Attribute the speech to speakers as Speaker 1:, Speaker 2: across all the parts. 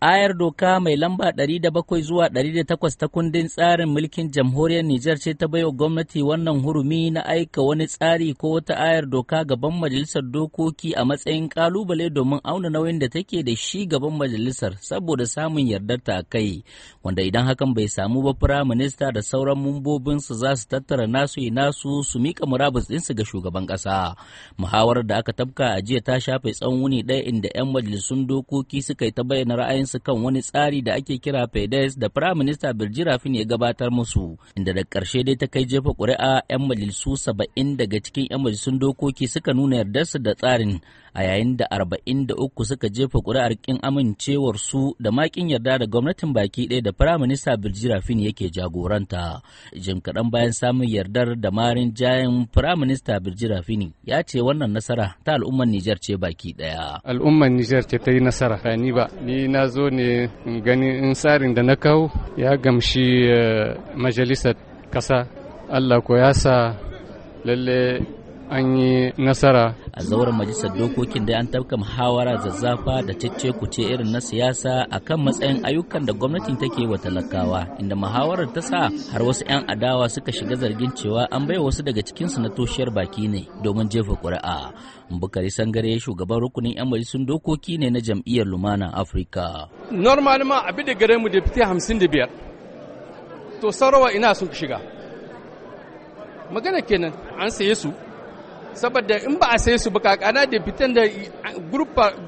Speaker 1: Ayar doka mai lamba bakwai zuwa takwas ta kundin tsarin mulkin jamhuriyar Nijar ce ta baiwa gwamnati wannan hurumi na aika wani tsari ko wata ayar doka gaban majalisar dokoki a matsayin kalubale domin auna nauyin da take da shi gaban majalisar saboda samun yardar ta kai wanda idan hakan bai samu ba firaminista da sauran su za su tattara nasu yi nasu su mika murabus ɗinsu ga shugaban ƙasa. Muhawarar da aka tabka a jiya ta shafe tsawon wuni ɗaya inda 'yan majalisun dokoki suka yi ta bayyana ra'ayin su kan wani tsari da ake kira fedes da firayim minista birji ya gabatar musu inda da ƙarshe dai ta kai jefa ƙuri'a 'yan majalisu saba'in daga cikin 'yan majalisun dokoki suka nuna yardarsu da tsarin a yayin da arba'in da uku suka jefa ƙuri'ar kin amincewar su da makin yarda da gwamnatin baki ɗaya da firayim minista birji yake jagoranta jim kaɗan bayan samun yardar da marin jayen firayim minista birji ya ce wannan nasara ta al'ummar nijar ce baki ɗaya al'ummar
Speaker 2: nijar ce ta yi nasara ni ba
Speaker 1: ni na zo zo
Speaker 2: ne in gani in tsarin da na kawo ya gamshi eh, majalisar
Speaker 1: ƙasa allah ko ya sa lalle an yi nasara a zauren majalisar dokokin da an tabka muhawara zazzafa da cece ce irin na siyasa akan matsayin ayyukan da gwamnatin take wa talakawa inda muhawarar ta sa har wasu 'yan adawa suka shiga zargin cewa an bai wasu daga cikinsu na toshiyar baki ne domin jefa ƙuri'a bukari sangare shugaban rukunin 'yan majalisun dokoki ne na jam'iyyar lumana afirka
Speaker 2: normal ma abin da gare mu da fiti hamsin da biyar to sarawa ina sun shiga magana kenan an saye su saboda in ba a sai su ba kana da fitan da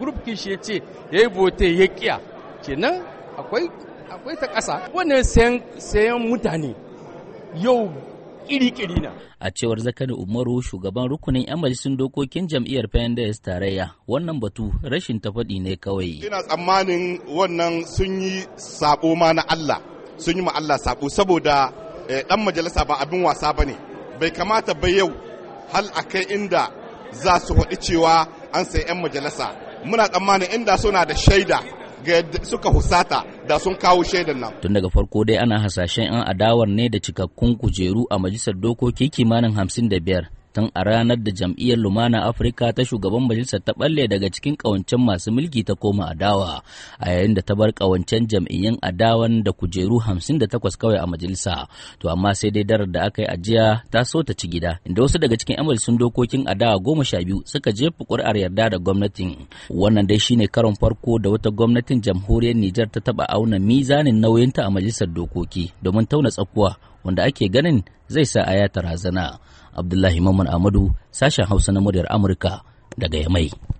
Speaker 2: group kishi ya ce ya yi bote ya kiya kenan akwai akwai ta ƙasa wannan sayan mutane yau kiri-kiri na.
Speaker 1: A cewar Zakari Umaru shugaban rukunin 'yan majalisun dokokin jam'iyyar pendes tarayya wannan batu rashin tafaɗi ne kawai.
Speaker 2: Ina tsammanin wannan sun yi sabo ma na Allah sun yi ma Allah sabo saboda eh, ɗan majalisa ba abin wasa ba ne bai kamata ba yau hal a kai inda za su faɗi cewa an sai 'yan majalisa muna tsammanin inda suna da shaida ga suka husata da sun kawo shaidan nan.
Speaker 1: Tun daga farko dai ana hasashen 'yan adawar ne da cikakkun kujeru a majalisar dokoki kimanin hamsin da biyar tun a ranar da jam'iyyar lumana afirka ta shugaban majalisar ta balle daga cikin kawancen masu mulki ta koma adawa a yayin da ta bar kawancen jam'iyyun adawan da kujeru 58 kawai a majalisa to amma sai dai darar da aka yi ajiya ta so ta ci gida inda wasu daga cikin yan majalisun dokokin adawa goma sha biyu suka jefa ƙuri'ar yarda da gwamnatin wannan dai shine karon farko da wata gwamnatin jamhuriyar nijar ta taba auna mizanin nauyinta a majalisar dokoki domin tauna tsakuwa wanda ake ganin zai sa a yata razana. Abdullahi Mamman Amadu, sashen Hausa na muryar Amurka daga Yamai.